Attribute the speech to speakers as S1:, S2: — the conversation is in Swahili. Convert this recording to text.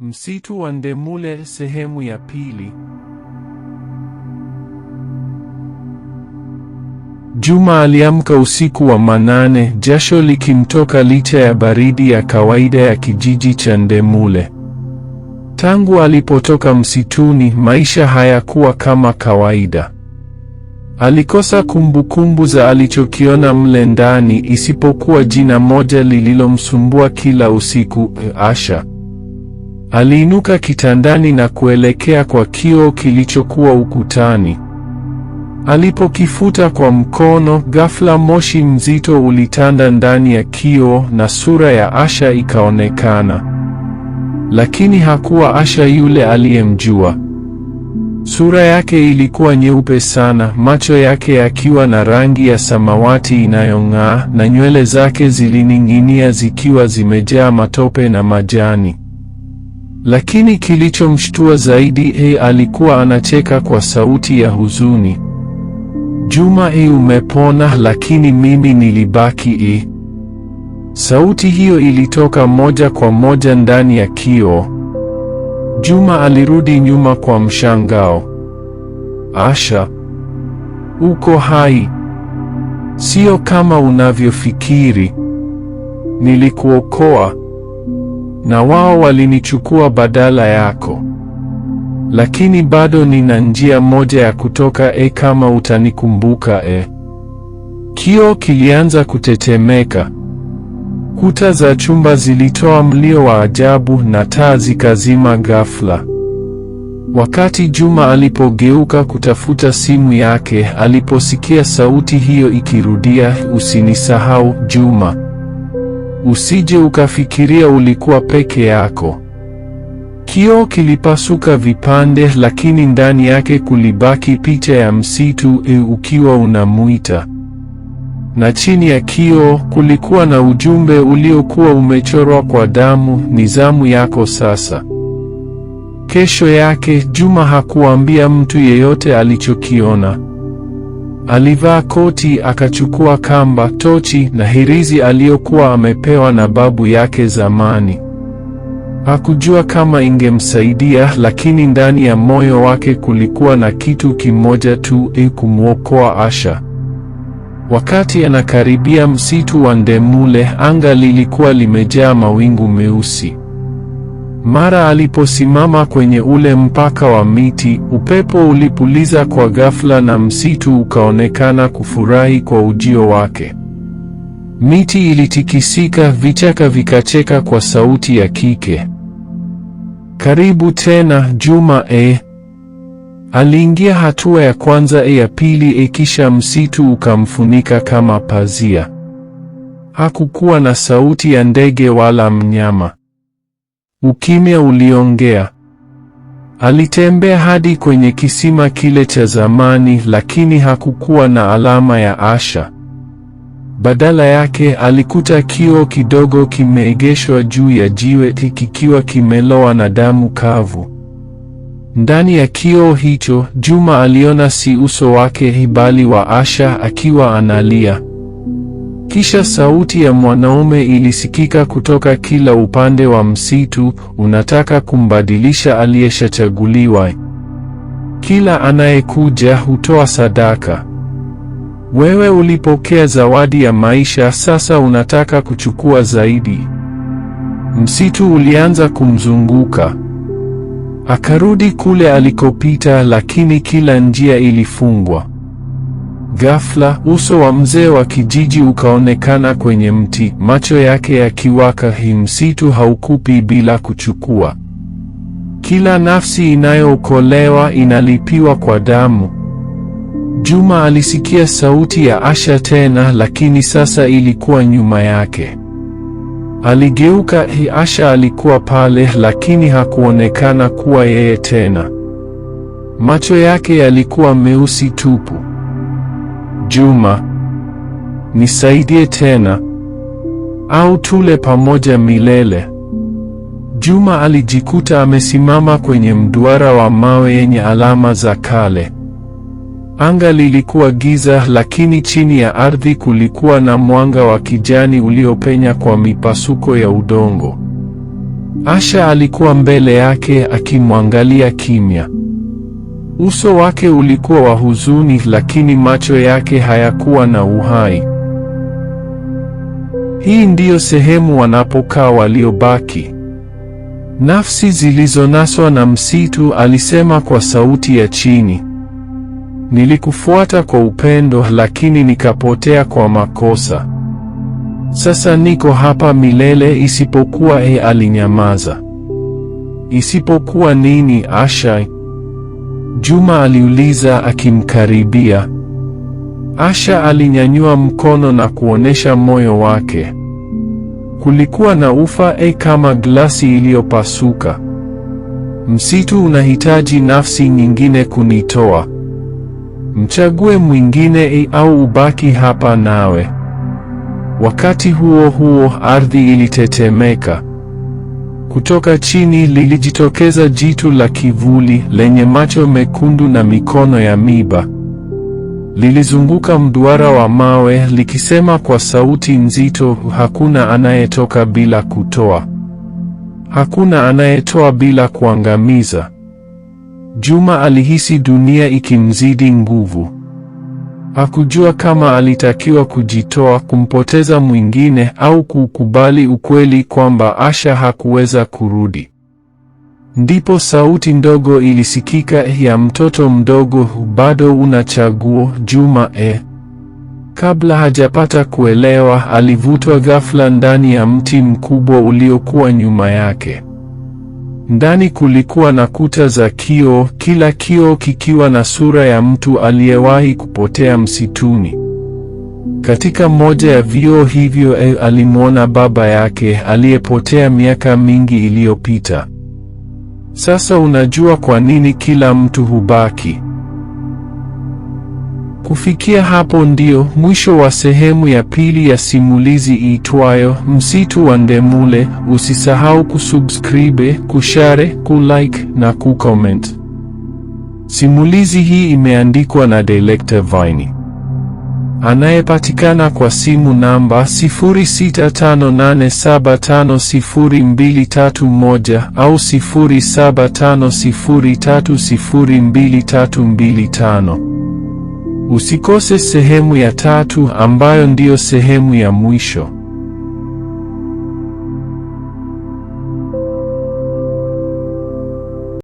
S1: Msitu wa Ndemule sehemu ya pili. Juma aliamka usiku wa manane, jasho likimtoka licha ya baridi ya kawaida ya kijiji cha Ndemule. Tangu alipotoka msituni, maisha hayakuwa kama kawaida. Alikosa kumbukumbu za alichokiona mle ndani isipokuwa jina moja lililomsumbua kila usiku, Asha. Aliinuka kitandani na kuelekea kwa kioo kilichokuwa ukutani. Alipokifuta kwa mkono, ghafla moshi mzito ulitanda ndani ya kioo na sura ya Asha ikaonekana. Lakini hakuwa Asha yule aliyemjua. Sura yake ilikuwa nyeupe sana, macho yake yakiwa na rangi ya samawati inayong'aa na nywele zake zilining'inia zikiwa zimejaa matope na majani. Lakini kilichomshtua zaidi e, alikuwa anacheka kwa sauti ya huzuni. Juma e, umepona, lakini mimi nilibaki e. Sauti hiyo ilitoka moja kwa moja ndani ya kio Juma alirudi nyuma kwa mshangao. Asha, uko hai? Sio kama unavyofikiri. Nilikuokoa na wao walinichukua badala yako. Lakini bado nina njia moja ya kutoka e, kama utanikumbuka e. Kioo kilianza kutetemeka, kuta za chumba zilitoa mlio wa ajabu na taa zikazima ghafla. Wakati Juma alipogeuka kutafuta simu yake, aliposikia sauti hiyo ikirudia, usinisahau Juma. Usije ukafikiria ulikuwa peke yako. Kioo kilipasuka vipande, lakini ndani yake kulibaki picha ya msitu e, ukiwa unamuita. Na chini ya kioo kulikuwa na ujumbe uliokuwa umechorwa kwa damu: ni zamu yako sasa. Kesho yake Juma hakuambia mtu yeyote alichokiona. Alivaa koti, akachukua kamba, tochi na hirizi aliyokuwa amepewa na babu yake zamani. Hakujua kama ingemsaidia, lakini ndani ya moyo wake kulikuwa na kitu kimoja tu, ili kumwokoa Asha. Wakati anakaribia msitu wa Ndemule, anga lilikuwa limejaa mawingu meusi. Mara aliposimama kwenye ule mpaka wa miti, upepo ulipuliza kwa ghafla na msitu ukaonekana kufurahi kwa ujio wake. Miti ilitikisika, vichaka vikacheka kwa sauti ya kike. Karibu tena Juma e. Aliingia hatua ya kwanza e, ya pili e, kisha msitu ukamfunika kama pazia. Hakukuwa na sauti ya ndege wala mnyama. Ukimya uliongea. Alitembea hadi kwenye kisima kile cha zamani, lakini hakukuwa na alama ya Asha. Badala yake alikuta kioo kidogo kimeegeshwa juu ya jiwe, kikiwa kimelowa na damu kavu. Ndani ya kioo hicho, Juma aliona si uso wake, bali wa Asha akiwa analia. Kisha sauti ya mwanaume ilisikika kutoka kila upande wa msitu, unataka kumbadilisha aliyeshachaguliwa. Kila anayekuja hutoa sadaka. Wewe ulipokea zawadi ya maisha, sasa unataka kuchukua zaidi. Msitu ulianza kumzunguka. Akarudi kule alikopita, lakini kila njia ilifungwa. Ghafla uso wa mzee wa kijiji ukaonekana kwenye mti, macho yake yakiwaka. Hii msitu haukupi bila kuchukua. Kila nafsi inayookolewa inalipiwa kwa damu. Juma alisikia sauti ya Asha tena, lakini sasa ilikuwa nyuma yake. Aligeuka, hi Asha alikuwa pale, lakini hakuonekana kuwa yeye tena. Macho yake yalikuwa meusi tupu. Juma, nisaidie tena au tule pamoja milele. Juma alijikuta amesimama kwenye mduara wa mawe yenye alama za kale. Anga lilikuwa giza, lakini chini ya ardhi kulikuwa na mwanga wa kijani uliopenya kwa mipasuko ya udongo. Asha alikuwa mbele yake akimwangalia kimya. Uso wake ulikuwa wa huzuni, lakini macho yake hayakuwa na uhai. Hii ndiyo sehemu wanapokaa waliobaki, nafsi zilizonaswa na msitu, alisema kwa sauti ya chini. Nilikufuata kwa upendo, lakini nikapotea kwa makosa. Sasa niko hapa milele, isipokuwa e, alinyamaza. Isipokuwa nini, Ashai? Juma aliuliza akimkaribia. Asha alinyanyua mkono na kuonyesha moyo wake. Kulikuwa na ufa e, kama glasi iliyopasuka. Msitu unahitaji nafsi nyingine kunitoa. Mchague mwingine e, au ubaki hapa nawe. Wakati huo huo, ardhi ilitetemeka. Kutoka chini lilijitokeza jitu la kivuli lenye macho mekundu na mikono ya miba. Lilizunguka mduara wa mawe likisema kwa sauti nzito, hakuna anayetoka bila kutoa, hakuna anayetoa bila kuangamiza. Juma alihisi dunia ikimzidi nguvu. Hakujua kama alitakiwa kujitoa, kumpoteza mwingine, au kukubali ukweli kwamba Asha hakuweza kurudi. Ndipo sauti ndogo ilisikika ya mtoto mdogo, bado una chaguo, Juma. E, kabla hajapata kuelewa, alivutwa ghafla ndani ya mti mkubwa uliokuwa nyuma yake. Ndani kulikuwa na kuta za kioo, kila kioo kikiwa na sura ya mtu aliyewahi kupotea msituni. Katika moja ya vioo hivyo e, alimwona baba yake aliyepotea miaka mingi iliyopita. Sasa unajua kwa nini kila mtu hubaki Kufikia hapo ndio mwisho wa sehemu ya pili ya simulizi iitwayo Msitu wa Ndemule. Usisahau kusubscribe, kushare, kulike na kucomment. Simulizi hii imeandikwa na Delecta Vini anayepatikana kwa simu namba 0658750231 au 0750302325. Usikose sehemu ya tatu ambayo ndiyo sehemu ya mwisho.